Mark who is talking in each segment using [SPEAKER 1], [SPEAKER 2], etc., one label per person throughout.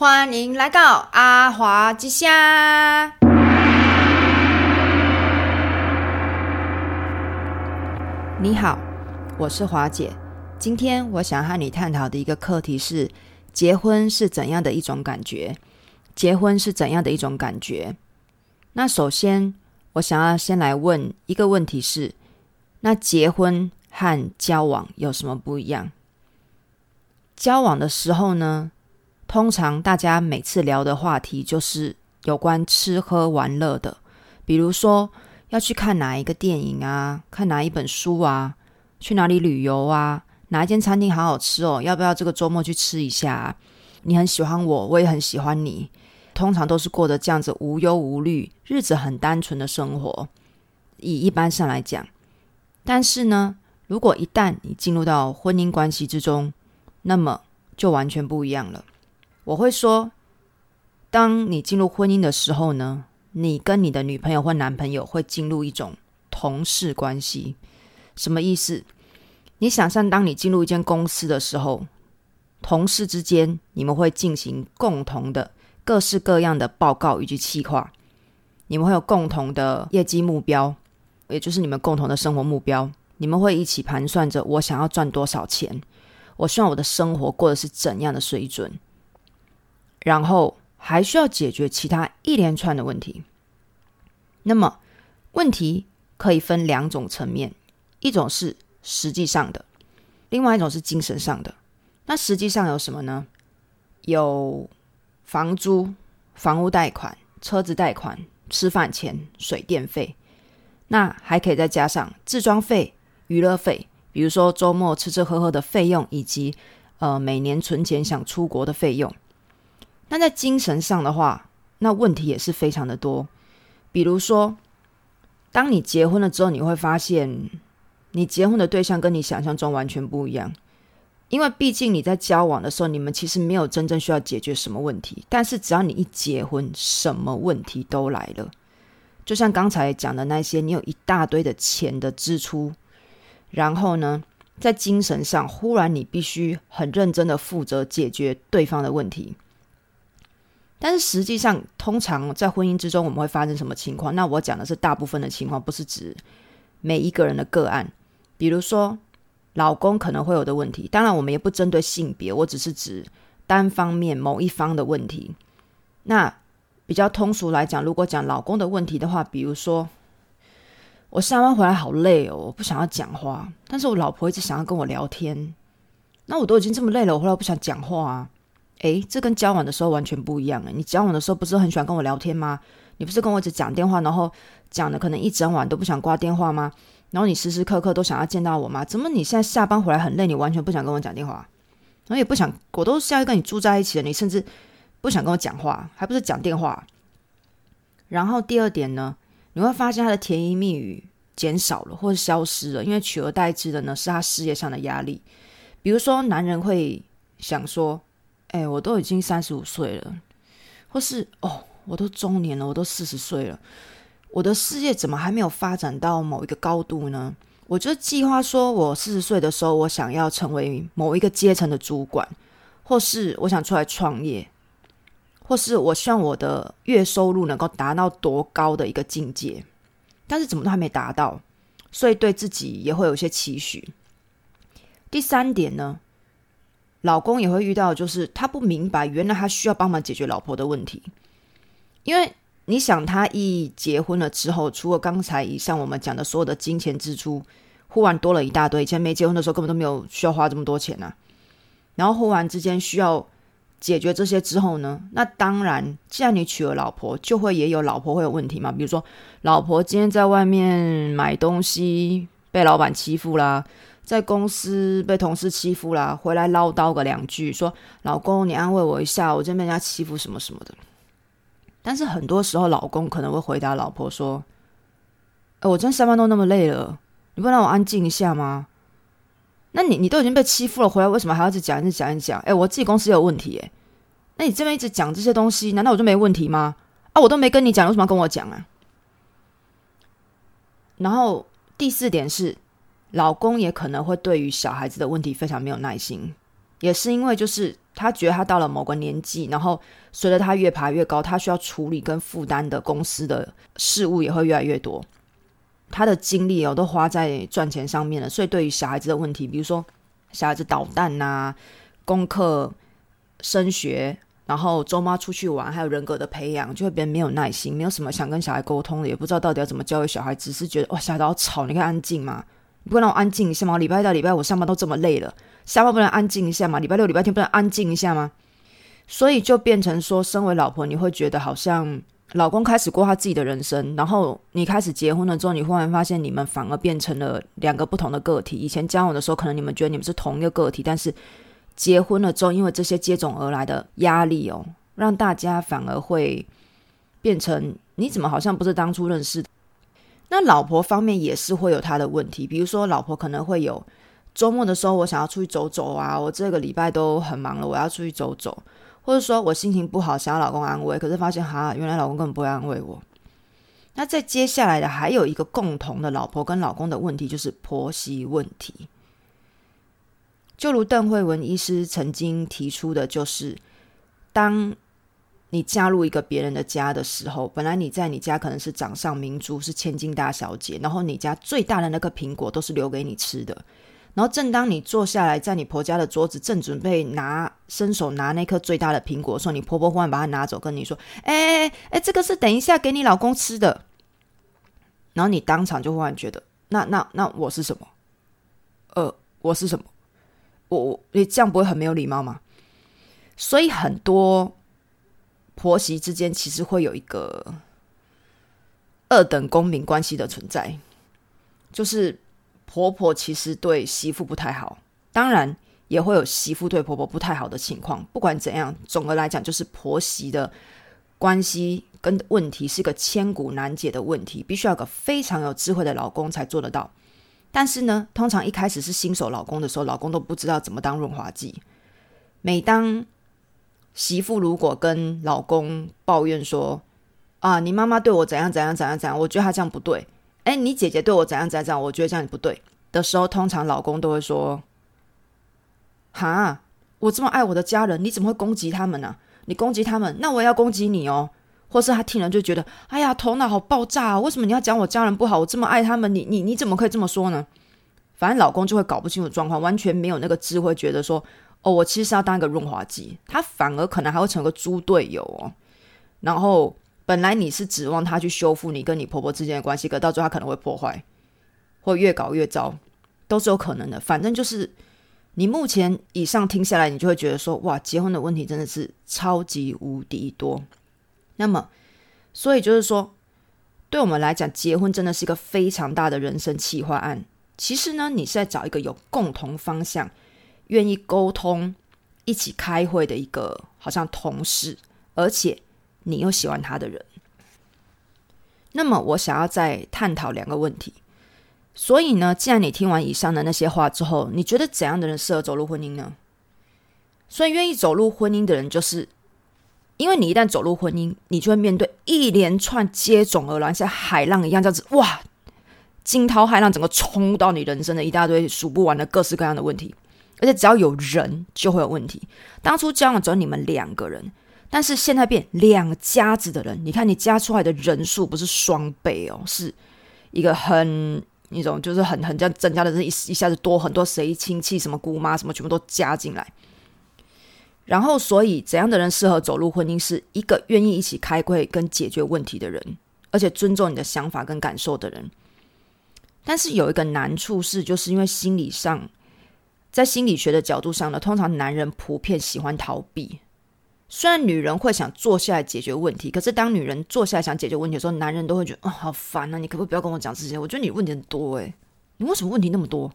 [SPEAKER 1] 歡迎來到阿華之聲。你好，我是華姐。今天我想和你探討的一個課題是：結婚是怎樣的一種感覺？結婚是怎樣的一種感覺？那首先，我想要先來問一個問題是：那結婚和交往有什麼不一樣？交往的時候呢？通常大家每次聊的話題就是有關吃喝玩樂的，比如說要去看哪一個電影啊，看哪一本書啊，去哪裡旅遊啊，哪一間餐廳好好吃哦，要不要這個周末去吃一下啊？你很喜歡我，我也很喜歡你。通常都是過得這樣子無憂無慮、日子很單純的生活。以一般上來講，但是呢，如果一旦你進入到婚姻關係之中，那麼就完全不一樣了。我會說，當你進入婚姻的時候呢，你跟你的女朋友或男朋友會進入一種同事關係。什麼意思？你想象當你進入一間公司的時候，同事之間你們會進行共同的各式各樣的報告以及計劃，你們會有共同的業績目標，也就是你們共同的生活目標。你們會一起盤算着我想要賺多少錢，我希望我的生活過得是怎樣的水準。然後還需要解決其他一連串的問題。那麼問題可以分兩種層面，一種是實際上的，另外一種是精神上的。那實際上有什麼呢？有房租、房屋貸款、車子貸款、吃飯錢、水電費。那還可以再加上置裝費、娛樂費，比如說周末吃吃喝喝的費用，以及呃每年存錢想出國的費用。那在精神上的話，那問題也是非常的多。比如說，當你結婚了之後，你會發現你結婚的對象跟你想象中完全不一樣。因為畢竟你在交往的時候，你們其實沒有真正需要解決什麼問題。但是只要你一結婚，什麼問題都來了。就像剛才講的那些，你有一大堆的錢的支出，然後呢，在精神上，忽然你必須很認真的負責解決對方的問題。但是實際上，通常在婚姻之中，我們會發生什麼情況？那我講的是大部分的情況，不是指每一個人的個案。比如說，老公可能會有的問題，當然我們也不針對性別，我只是指單方面某一方的問題。那比較通俗來講，如果講老公的問題的話，比如說，我下班回來好累哦，我不想要講話，但是我老婆一直想要跟我聊天，那我都已經這麼累了，我回來不想講話啊。誒，這跟交往的時候完全不一樣誒，你交往的時候不是很喜歡跟我聊天嗎？你不是跟我一直講電話，然後講的可能一整晚都不想掛電話嗎？然後你時時刻刻都想要見到我嗎？怎麼你現在下班回來很累，你完全不想跟我講電話，然後也不想，我都現在跟你住在一起了，你甚至不想跟我講話，還不是講電話？然後第二點呢，你會發現他的甜言蜜語減少了或者消失了，因為取而代之的呢是他事業上的壓力。比如說，男人會想說。哎、欸，我都已經三十五歲了，或是哦，我都中年了，我都四十歲了，我的事業怎麼還沒有發展到某一個高度呢？我就計劃說，我四十歲的時候，我想要成為某一個階層的主管，或是我想出來創業，或是我希望我的月收入能夠達到多高的一個境界，但是怎麼都還沒達到，所以對自己也會有些期許。第三點呢，老公也會遇到，就是他不明白，原來他需要幫忙解決老婆的問題。因為你想，他一結婚了之後，除了剛才以上我們講的所有的金錢支出，忽然多了一大堆，以前沒結婚的時候根本都沒有需要花這麼多錢啊。然後忽然之間需要解決這些之後呢，那當然，既然你娶了老婆，就會也有老婆會有問題嘛。比如說，老婆今天在外面買東西被老闆欺負啦，啊。在公司被同事欺負啦、啊，回來嘮叨個兩句，說：“老公，你安慰我一下，我這邊被人家欺負什麼什麼的。”但是很多時候，老公可能會回答老婆說：“哎、欸，我今天上班都那麼累了，你不能讓我安靜一下嗎？那你你都已經被欺負了，回來為什麼還要一直講一直講一直講？哎、欸，我自己公司也有問題哎，那你這邊一直講這些東西，難道我就沒問題嗎？啊，我都沒跟你講，你為什麼要跟我講啊？然後第四點是。”老公也可能會對於小孩子的問題非常沒有耐心，也是因為就是他覺得他到了某個年紀，然後隨着他越爬越高，他需要處理跟負擔的公司的事務也會越來越多，他的精力哦都花在賺錢上面了，所以對於小孩子的問題，比如說小孩子搗蛋吶、啊、功課、升學，然後週末出去玩，還有人格的培養，就會變得沒有耐心，沒有什麼想跟小孩溝通的，也不知道到底要怎麼教育小孩子，只是覺得哇、哦、小孩子好吵，你看安靜嗎？不能讓我安靜一下嗎？禮拜到禮拜五上班都這麼累了，下班不能安靜一下嗎？禮拜六、禮拜天不能安靜一下嗎？所以就變成說，身為老婆，你會覺得好像老公開始過他自己的人生，然後你開始結婚了之後，你忽然發現你們反而變成了兩個不同的個體。以前交往的時候，可能你們覺得你們是同一個個體，但是結婚了之後，因為這些接踵而來的壓力哦，讓大家反而會變成，你怎麼好像不是當初認識的？那老婆方面也是會有他的問題，比如說老婆可能會有周末的時候，我想要出去走走啊，我這個禮拜都很忙了，我要出去走走，或者說我心情不好想要老公安慰，可是發現哈，原來老公根本不會安慰我。那在接下來的還有一個共同的老婆跟老公的問題就是婆媳問題，就如鄧惠文醫師曾經提出的就是當。你加入一個別人的家的時候，本來你在你家可能是掌上明珠，是千金大小姐，然後你家最大的那個蘋果都是留給你吃的。然後正當你坐下來在你婆家的桌子，正準備拿伸手拿那顆最大的蘋果的時候，你婆婆忽然把它拿走，跟你說：“哎哎哎，這個是等一下給你老公吃的。”然後你當場就忽然覺得：“那那那我是什麼？呃，我是什麼？我我你這樣不會很沒有禮貌嗎？”所以很多。婆媳之間其實會有一個二等公民關係的存在，就是婆婆其實對媳婦不太好，當然也會有媳婦對婆婆不太好的情況。不管怎樣，總的來講，就是婆媳的關係跟問題是個千古難解的問題，必須要有個非常有智慧的老公才做得到。但是呢，通常一開始是新手老公的時候，老公都不知道怎麼當潤滑劑。每當媳婦如果跟老公抱怨說：“啊，你媽媽對我怎樣怎樣怎樣怎樣，我覺得她這樣不對。”哎，你姐姐對我怎樣怎樣怎樣，我覺得這樣不對。的時候，通常老公都會說：“哈，我這麼愛我的家人，你怎麼會攻擊他們呢？你攻擊他們，那我也要攻擊你哦。”或是他聽了就覺得：“哎呀，頭腦好爆炸啊！為什麼你要講我家人不好？我這麼愛他們，你你你怎麼可以這麼說呢？”反正老公就會搞不清楚狀況，完全沒有那個智慧，覺得說。哦，我其實是要當一個潤滑劑，他反而可能還會成個豬隊友哦。然後本來你是指望他去修復你跟你婆婆之間的關係，可到最後他可能會破壞，或越搞越糟，都是有可能的。反正就是你目前以上聽下來，你就會覺得說，哇，結婚的問題真的是超級無敵多。那麼，所以就是說，對我們來講，結婚真的是一個非常大的人生企劃案。其實呢，你是在找一個有共同方向。願意溝通、一起開會的一個好像同事，而且你又喜歡他的人，那麼我想要再探討兩個問題。所以呢，既然你聽完以上的那些話之後，你覺得怎樣的人適合走入婚姻呢？所以，願意走入婚姻的人，就是因為你一旦走入婚姻，你就會面對一連串接踵而來，像海浪一樣，這樣子。哇，驚濤駭浪，整個衝到你人生的一大堆數不完的各式各樣的問題。而且只要有人就會有問題。當初交往只有你們兩個人，但是現在變兩家子的人。你看你加出來的人數不是雙倍哦，是一個很那種就是很很這樣增加的，是一一下子多，很多誰親戚，什麼姑媽，什麼全部都加進來。然後，所以怎樣的人適合走入婚姻？是一個願意一起開會跟解決問題的人，而且尊重你的想法跟感受的人。但是有一個難處是，就是因為心理上。在心理學的角度上呢，通常男人普遍喜歡逃避。雖然女人會想坐下來解決問題，可是當女人坐下來想解決問題的時候，男人都會覺得啊、哦，好煩啊！你可不可以不要跟我講這些？我覺得你問題很多誒、欸。你為什麼問題那麼多？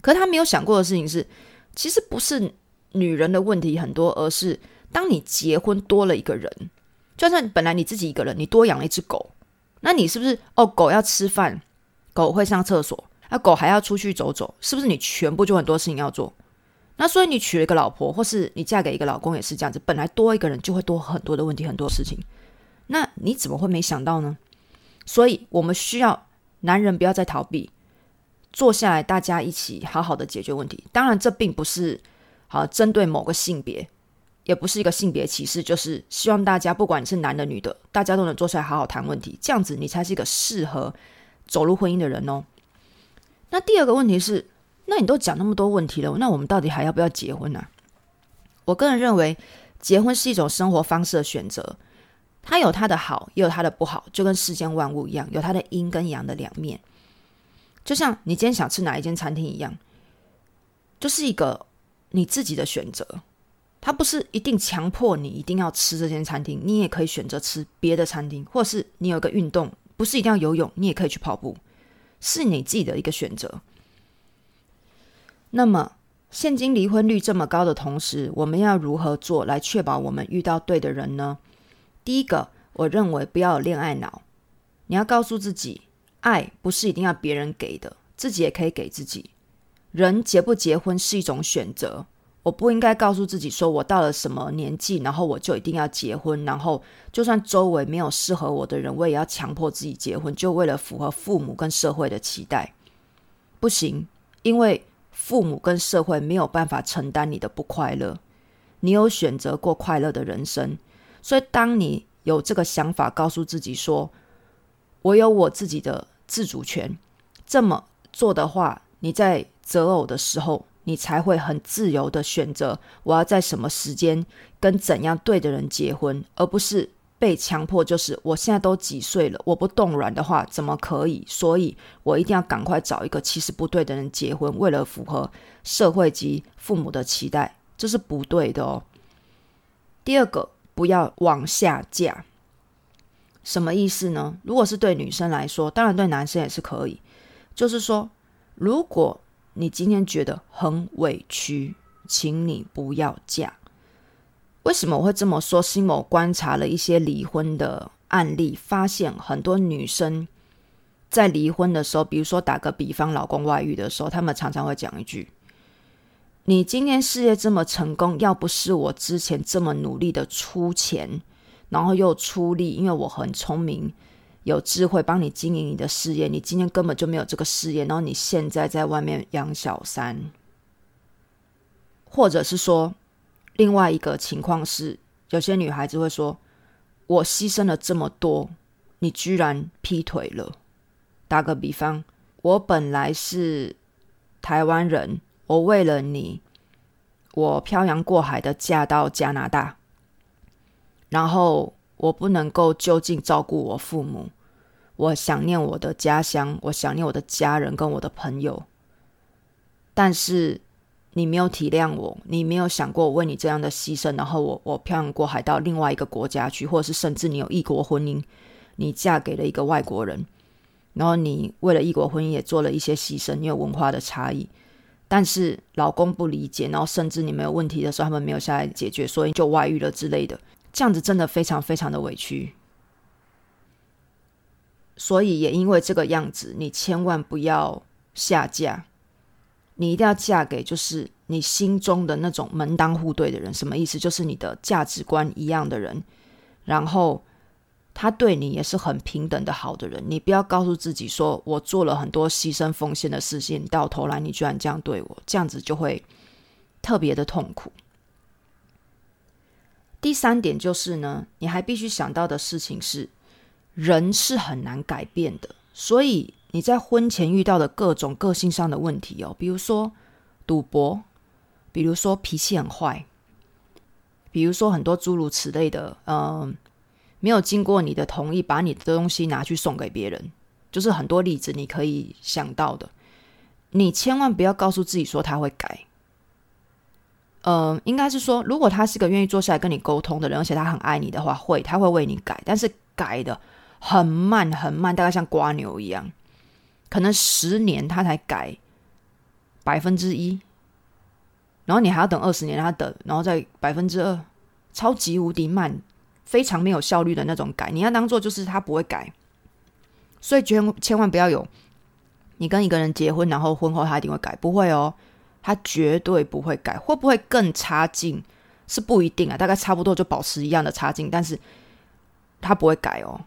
[SPEAKER 1] 可是他沒有想過的事情是，其實不是女人的問題很多，而是當你結婚多了一個人，就算本來你自己一個人，你多養了一隻狗，那你是不是哦？狗要吃飯，狗會上廁所。那狗還要出去走走，是不是你全部就很多事情要做？那所以你娶了一個老婆，或是你嫁給一個老公也是這樣子，本來多一個人就會多很多的問題，很多事情。那你怎麼會沒想到呢？所以我們需要男人不要再逃避，坐下來大家一起好好的解決問題。當然，這並不是好、啊、針對某個性別，也不是一個性別歧視，就是希望大家不管你是男的女的，大家都能坐下來好好談問題，這樣子你才是一個適合走入婚姻的人哦。那第二個問題是，那你都講那麼多問題了，那我們到底還要不要結婚呢？我個人認為，結婚是一種生活方式的選擇，它有它的好，也有它的不好，就跟世間萬物一樣，有它的陰跟陽的兩面。就像你今天想吃哪一間餐廳一樣，就是一個你自己的選擇，它不是一定強迫你一定要吃這間餐廳，你也可以選擇吃別的餐廳，或是你有個運動，不是一定要游泳，你也可以去跑步。是你自己的一個選擇。那麼，現今離婚率這麼高的同時，我們要如何做來確保我們遇到對的人呢？第一個，我認為不要有戀愛腦，你要告訴自己，愛不是一定要別人給的，自己也可以給自己。人結不結婚是一種選擇。我不應該告訴自己說，我到了什麼年紀，然後我就一定要結婚，然後就算周圍沒有適合我的人，我也要強迫自己結婚，就為了符合父母跟社會的期待。不行，因為父母跟社會沒有辦法承擔你的不快樂。你有選擇過快樂的人生，所以當你有這個想法，告訴自己說，我有我自己的自主權，這麼做的話，你在擇偶的時候，你才會很自由地選擇我要在什麼時間跟怎樣對的人結婚，而不是被強迫。就是我現在都幾歲了，我不動軟的話怎麼可以？所以我一定要趕快找一個其實不對的人結婚，為了符合社會及父母的期待，這是不對的哦。第二個，不要往下嫁，什麼意思呢？如果是對女生來說，當然對男生也是可以，就是說如果。你今天覺得很委屈，請你不要嫁。為什麼我會這麼說？辛某觀察了一些離婚的案例，發現很多女生在離婚的時候，比如說打個比方，老公外遇的時候，他們常常會講一句：“你今天事業這麼成功，要不是我之前這麼努力的出錢，然後又出力，因為我很聰明。”有智慧幫你經營你的事業，你今天根本就沒有這個事業，然後你現在在外面養小三，或者是說，另外一個情況是，有些女孩子會說，我犧牲了這麼多，你居然劈腿了？打個比方，我本來是台灣人，我為了你，我漂洋過海的嫁到加拿大，然後。我不能夠就近照顧我父母，我想念我的家鄉，我想念我的家人跟我的朋友。但是你沒有體諒我，你沒有想過我為你這樣的犧牲，然後我我漂洋過海到另外一個國家去，或者是甚至你有異國婚姻，你嫁給了一個外國人，然後你為了異國婚姻也做了一些犧牲，你有文化的差異，但是老公不理解，然後甚至你沒有問題的時候，他們沒有下來解決，所以就外遇了之類的。這樣子真的非常非常的委屈，所以也因為這個樣子，你千萬不要下嫁，你一定要嫁給就是你心中的那種門當戶對的人。什麼意思？就是你的價值觀一樣的人，然後他對你也是很平等的好的人。你不要告訴自己說，我做了很多犧牲奉獻的事情，到頭來你居然這樣對我，這樣子就會特別的痛苦。第三點就是呢，你還必須想到的事情是，人是很難改變的。所以你在婚前遇到的各種個性上的問題哦，比如說賭博，比如說脾氣很壞，比如說很多諸如此類的，嗯，沒有經過你的同意把你的東西拿去送給別人，就是很多例子你可以想到的。你千萬不要告訴自己說他會改。嗯、呃，應該是說，如果他是個願意坐下來跟你溝通的人，而且他很愛你的話，會，他會為你改，但是改的很慢很慢，大概像蝸牛一樣，可能十年他才改百分之一，然後你還要等二十年他等，然後再百分之二，超級無敵慢，非常沒有效率的那種改，你要當做就是他不會改，所以千千萬不要有你跟一個人結婚，然後婚後他一定會改，不會哦。他絕對不會改，會不會更差勁，是不一定啊，大概差不多就保持一樣的差勁，但是他不會改哦，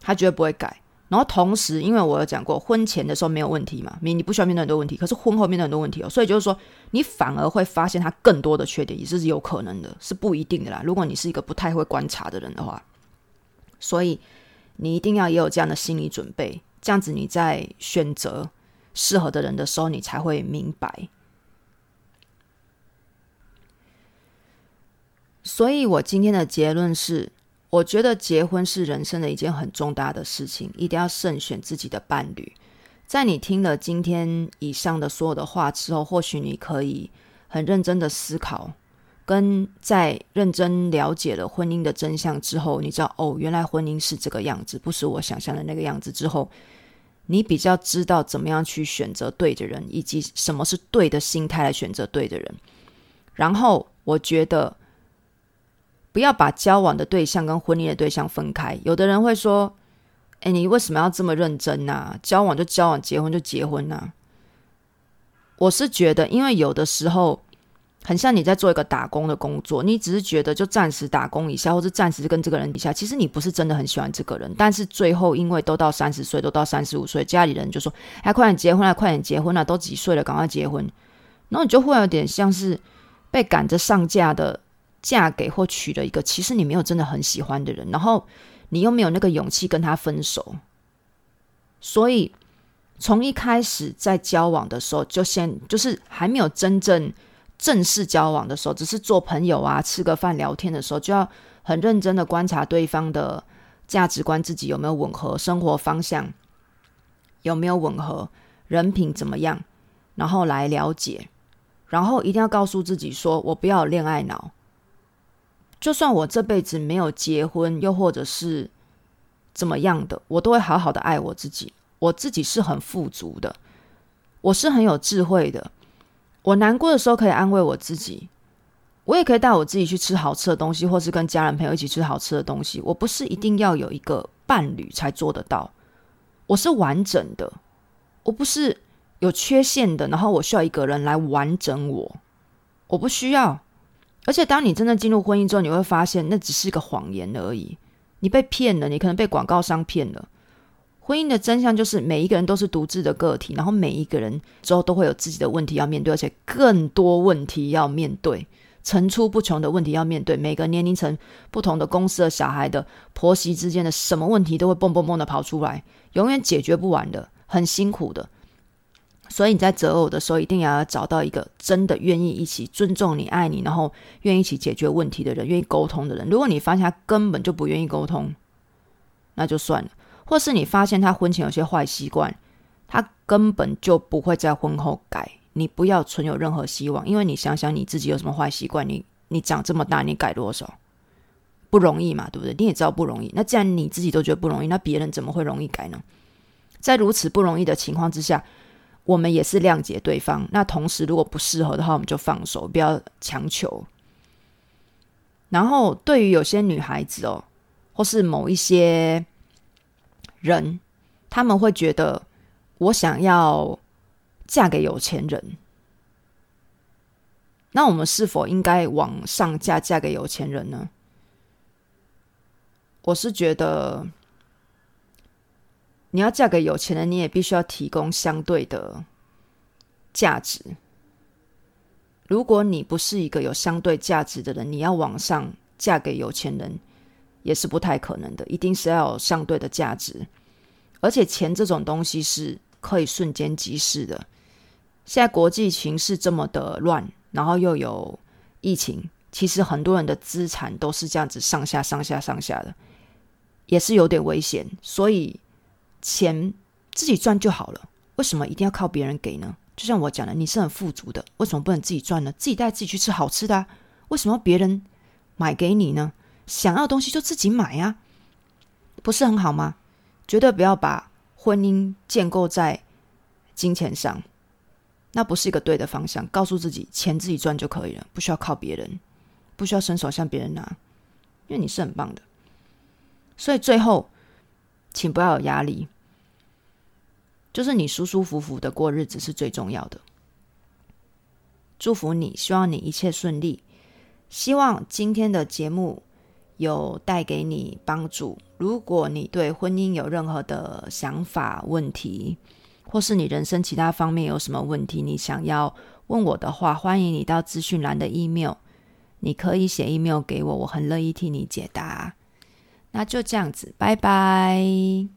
[SPEAKER 1] 他絕對不會改。然後同時，因為我有講過，婚前的時候沒有問題嘛，你你不需要面對很多問題，可是婚後面對很多問題哦，所以就是說，你反而會發現他更多的缺點，也是有可能的，是不一定的啦。如果你是一個不太會觀察的人的話，所以你一定要也有這樣的心理準備，這樣子你在選擇適合的人的時候，你才會明白。所以，我今天的結論是，我覺得結婚是人生的一件很重大的事情，一定要慎選自己的伴侶。在你聽了今天以上的所有的話之後，或許你可以很認真的思考，跟在認真了解了婚姻的真相之後，你知道哦，原來婚姻是這個樣子，不是我想象的那個樣子之後，你比較知道怎麼樣去選擇對的人，以及什麼是對的心態來選擇對的人。然後，我覺得。不要把交往的對象跟婚姻的對象分開。有的人會說：“哎，你為什麼要這麼認真呢、啊？交往就交往，結婚就結婚呢、啊？”我是覺得，因為有的時候很像你在做一個打工的工作，你只是覺得就暫時打工一下，或者暫時跟這個人一下。其實你不是真的很喜歡這個人，但是最後因為都到三十歲，都到三十五歲，家裡人就說：“哎，快點結婚啊，快點結婚啊，都幾歲了，趕快結婚。”那你就會有點像是被趕着上架的。嫁給或娶了一個其實你沒有真的很喜歡的人，然後你又沒有那個勇氣跟他分手，所以從一開始在交往的時候，就先就是還沒有真正正式交往的時候，只是做朋友啊，吃個飯聊天的時候，就要很認真的觀察對方的價值觀，自己有沒有吻合，生活方向有沒有吻合，人品怎麼樣，然後來了解，然後一定要告訴自己說，我不要戀愛腦。就算我這輩子沒有結婚，又或者是怎麼樣的，我都會好好的愛我自己。我自己是很富足的，我是很有智慧的。我難過的時候可以安慰我自己，我也可以帶我自己去吃好吃的東西，或是跟家人朋友一起吃好吃的東西。我不是一定要有一個伴侶才做得到，我是完整的，我不是有缺陷的，然後我需要一個人來完整我，我不需要。而且，當你真的進入婚姻之後，你會發現那只是一個謊言而已。你被騙了，你可能被廣告商騙了。婚姻的真相就是，每一個人都是獨自的個體，然後每一個人之後都會有自己的問題要面對，而且更多問題要面對，層出不窮的問題要面對。每個年齡層、不同的公司的小孩的婆媳之間的什麼問題都會蹦蹦蹦的跑出來，永遠解決不完的，很辛苦的。所以你在擇偶的時候，一定要找到一個真的願意一起尊重你、愛你，然後願意一起解決問題的人，願意溝通的人。如果你發現他根本就不願意溝通，那就算了。或是你發現他婚前有些壞習慣，他根本就不會在婚後改。你不要存有任何希望，因為你想想你自己有什麼壞習慣，你你長這麼大你改多少？不容易嘛，對不對？你也知道不容易。那既然你自己都覺得不容易，那別人怎麼會容易改呢？在如此不容易的情況之下。我們也是諒解對方，那同時如果不適合的話，我們就放手，不要強求。然後對於有些女孩子哦，或是某一些人，他們會覺得我想要嫁給有錢人，那我們是否應該往上嫁，嫁給有錢人呢？我是覺得。你要嫁給有錢人，你也必須要提供相對的價值。如果你不是一個有相對價值的人，你要往上嫁給有錢人也是不太可能的，一定是要有相對的價值。而且錢這種東西是可以瞬間即逝的。現在國際情勢這麼的亂，然後又有疫情，其實很多人的資產都是這樣子上下上下上下的，也是有點危險，所以。錢自己賺就好了，為什麼一定要靠別人給呢？就像我講的，你是很富足的，為什麼不能自己賺呢？自己帶自己去吃好吃的啊，為什麼別人買給你呢？想要的東西就自己買呀、啊，不是很好嗎？絕對不要把婚姻建構在金錢上，那不是一個對的方向。告訴自己，錢自己賺就可以了，不需要靠別人，不需要伸手向別人拿，因為你是很棒的。所以最後，請不要有壓力。就是你舒舒服服的過日子是最重要的，祝福你，希望你一切順利，希望今天的節目有帶給你幫助。如果你對婚姻有任何的想法、問題，或是你人生其他方面有什麼問題，你想要問我的話，歡迎你到資訊欄的 email，你可以寫 email 給我，我很樂意替你解答。那就這樣子，拜拜。